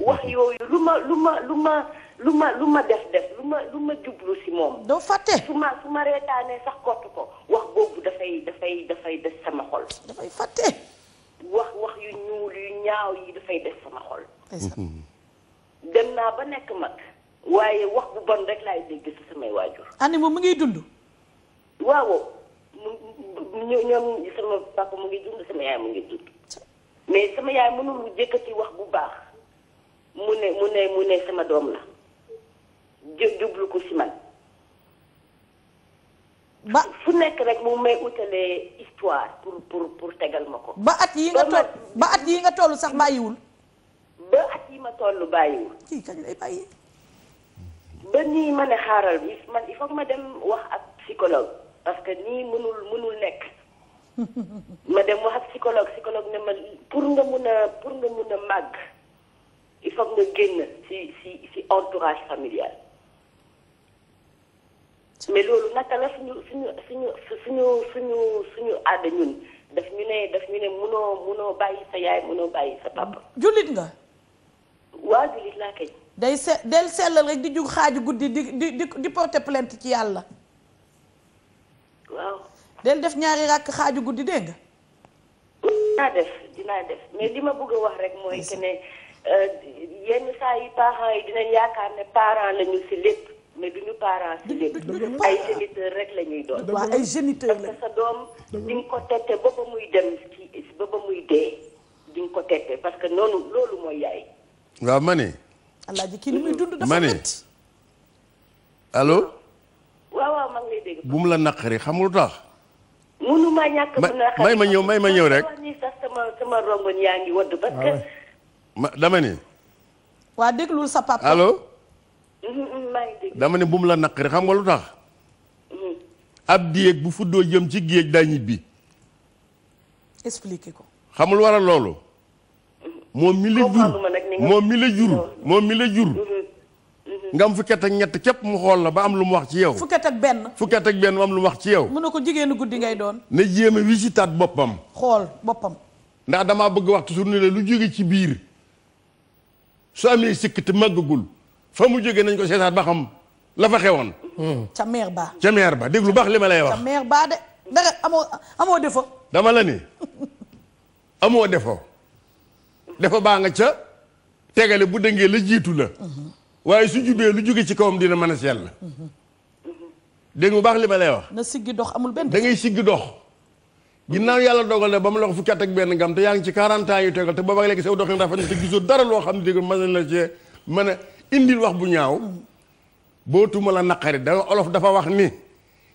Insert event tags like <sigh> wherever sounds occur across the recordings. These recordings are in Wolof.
wax yooyu lu ma lu ma lu ma lu ma lu ma def def lu ma lu ma jublu si moom. doo fàtte. su ma su ma reetaanee sax kott ko wax boobu dafay dafay dafay des sama xol. dafay fàtte. wax wax yu ñuul yu ñaaw yi dafay def sama xol. <laughs> dem naa ba nekk mag. waaye wax bu bon rek laay dégg si samay waajur. ani moom mu ngi dund. waaw ñoom ñoom sama papa mu ngi dund sama yaay mu ngi dund. mais sama yaay mënul jëkkati wax bu baax. mu ne mu ne mu ne sama doom la jublu ko si man ba su nekk rek mu may utalee histoire pour pour pour tegal ma ko. ba at yi nga toll ba at yi nga toll sax bàyyiwul. ba at yi ma toll bàyyiwul. kii kañ lay bàyyi. ba nii ma ne xaaral bi man il faut ma dem wax ak psychologue parce que nii mënul mënul nekk. <laughs> ma dem wax ak psychologue psychologue ne ma pour nga mun a pour nga mun a màgg. il faut que génn si si entourage familial mais lolu naka suñu suñu suñu suñu suñu suñu daf ñu ne daf ñu né mëno mëno bayyi sa yaay mëno bayyi sa papa. Julit nga. Wa day del rek di jug guddi di di di porter plainte ci Yalla. waaw. del def ñaari rak guddi dégg nga. def def mais li bëgg wax rek que Euh, yenn saa yi parents yi dinañ yaakaar ne parents lañu ci lépp mais duñu parents ci lépp. ay géniteurs rek la doon. waaw ay géniteurs la sa doom. di ko tette ba ba muy dem ci muy dee di ko tette parce que noonu loolu mooy yaay. waaw ma ne. alaaji kii li muy dund dafa métti allo. waaw waaw maa ngi dégg. bu mu la naqari xam tax. munu ñàkk bu naqari may ma ñëw may ma ñëw rek. sama sama rongoñ yaa ngi wadd parce que. Ah ma dama ni. waa déglul sa papa. allo. dama ne bu mu la naqari xam nga lu tax. Mm-hmm. ab déeg bu fuddoo jëm ci géej daa ñibbi. expliqué ko. xamul waral loolu. Mm-hmm. moom mi la jur moom mi jur moom mi la jur. Mm-hmm. nga am fukki ak ñett képp mu xool la ba am lu mu wax ci yow. fukki at ak benn. fukki at ak benn mu am lu mu wax ci yow. mu ne ko jigéenu guddi ngay doon. na jéem a wisitaat boppam. xool boppam. ndax damaa bëgg waxtu wax ni ne lu jóge ci biir. su amee sikk te màggagul fa mu jóge nañ ko seetaat ba xam la fa xewoon. Hmm. ca meer ba. ca meer ba déglu baax li ma lay wax. ca meer ba de dara amoo amoo defo. dama la ni <laughs> amoo defo defo baa nga ca tegale bu dëngee la jiitu la. Mhm. waaye su jubee lu jóge ci kawam dina mën a sell. Mhm. dégg nga baax li ma lay wax. na siggi dox amul benn. da ngay siggi dox. ginnaaw yàlla dogal na ba mu la ko fukki at ak benn ngam te yaa ngi ci 40 ans yu tegal te boobaag léegi saw doxin rafet na te gisoo dara loo xam ne dégg mën na la cee mën a indil wax bu ñaaw boo tuma la naqari da olof dafa wax ni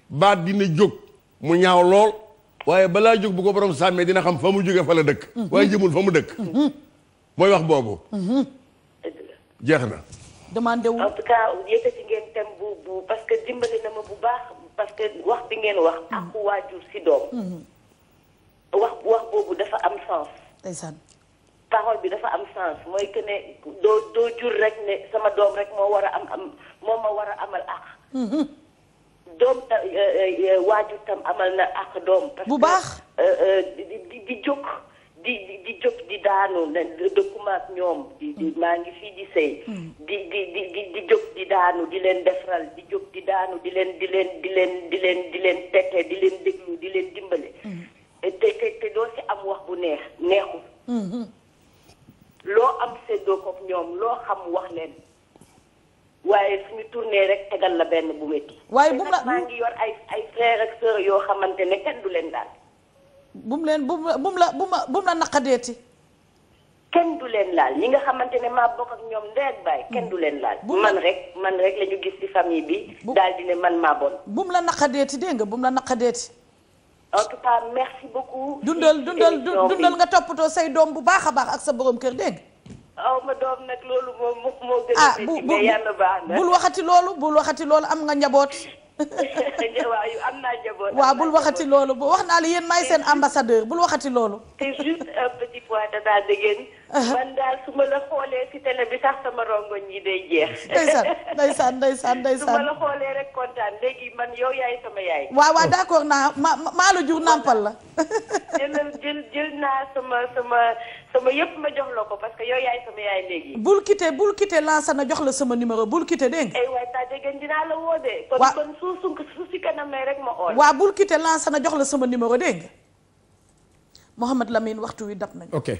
baat dina jóg mu ñaaw lool waaye balaa jóg bu ko borom sàmmee dina xam fa mu jóge fa la dëkk waaye jëmul fa mu dëkk mooy wax boobu jeex na demandé wu wax wax boobu dafa am sens. ndeysaan. bi dafa am sens mooy que ne doo doo jur rek ne sama doom rek moo war a am am moo ma war a amal àq. Mhm. doom euh, euh, euh, amal na àq doom. bu baax parce que di di jóg di di jóg di daanu ne ñoom. Mm. maa ngi fii di sëy. Mm. di di di di jóg di daanu di leen defaral di jóg di daanu di leen di leen di leen di leen di leen tete di leen déglu di leen dimbale. Mm. te te te doo ci am wax bu neex neexu mm-hmm. loo am séddoo koog ñoom loo xam wax leen. waaye suñu tournée rek tegal la benn bu métti. waaye bu maa ngi yor ay ay frères yoo xamante ne kenn leen laal. bu mu leen bu mu la bu ma bu mu la naqadeeti. kenn du leen laal ñi nga xamante ne maa bokk ak ñoom ndey ak baay kenn du leen laal. man rek man rek la ñu gis ci famille bi. daal di ne man maa bon. bu mu la naqadeeti dégg nga bu mu la naqadeeti. en tout cas merci beaucoup. dundal dundal dundal nga toppatoo say dom bu ak sa borom keur deg. aw ma mo ah, yalla baax na waxati bul waxati am nga njabot. <laughs> am bul waxati bu que la ambassadeur bul waxati c'est juste un petit point Uh-huh. man daal su ma la xoolee ci télé bi sax sama rongoñ yi day jeex. <laughs> ndeysaan ndeysaan ndeysaan ndeysaan. <laughs> su ma la xoolee rek kontaan léegi man yow yaay sama yaay. waaw waaw d'accord naa maa la jur nàmpal la. <laughs> jël naa sama sama sama yëpp ma jox la ko parce que yow yaay sama yaay léegi. bul quitté bul quitté Lansana jox la sama numéro bul quitté dégg nga. ay eh waay taa dégg la woo jox la sama numéro dégg nga. Mouhamed waxtu wi dab nañu.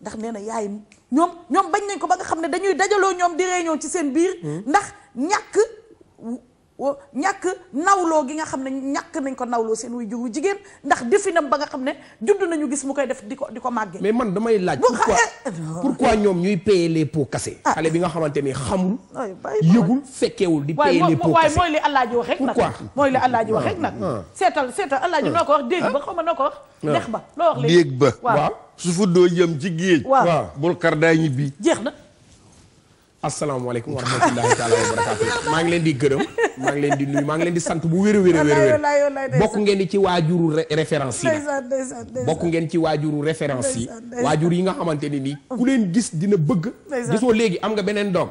ndax nee na yaay ñoom ñoom bañ nañ ko ba nga xam ne dañuy dajaloo ñoom di réunion ci seen biir. Hmm. ndax ñàkk ñàkk nawloo gi nga xam ne ñàkk nañ ko nawloo seen wuy jur jigéen ndax definam ba nga xam ne judd nañu gis mu koy def di ko di ko màggee. mais man damay laaj. pourquoi eh, eh, pourquoi eh. ñoom ñuy payer les pots kase ah. xale bi nga xamante ni xamul. yëgul fekkeewul di payer les pots cassés. waaye mooy li Alaaji wax rek nag. mooy li Alaaji wax rek nag. Ah. seetal seetal Alaaji ah. noo ko wax dégg ba xaw ma noo ko wax. loo wax ba waaw. su doo jëm ci géej. waaw bul kar daay ñibbi. jeex na. asalaamaaleykum wa rahmatulahi taala wa maa ngi leen di gërëm maa ngi leen di nuyu maa ngi leen di sant bu wér a wér a bokk ngeen di ci waajuru référence bokk ngeen ci waajuru référence yi waajur yi nga xamante ni nii ku leen gis dina bëgg gisoo léegi am nga beneen doom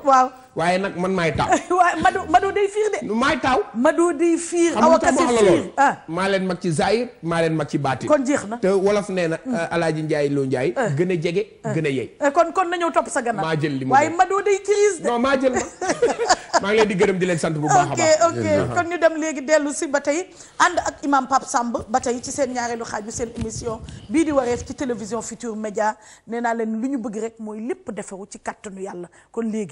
waaye nag man maay taaw. <laughs> waaye Madou Madou day fiir de. maay taaw. Madou day fiir. awa kese fiir ah. maa leen mag ci Zahir maa leen mag ci Baati. kon jeex na te wolof nee na. Hmm. Alaaji Ndiaye loo Ndiaye. Eh. gën a jege eh. gën a yey. Eh, kon kon nañoo topp sa gannaaw. maa jël li ma waaye Madou maa jël ma <laughs> maa leen di gërëm di leen sant bu baax a baax. ok ok kon ñu dem léegi dellu si ba tey ànd ak imam Pape Samb ba tey ci seen ñaareelu xaaju seen émission bii di wareef ci télévision Futur Média nee naa leen lu ñu bëgg rek mooy lépp deferu ci kattanu yàlla kon léegi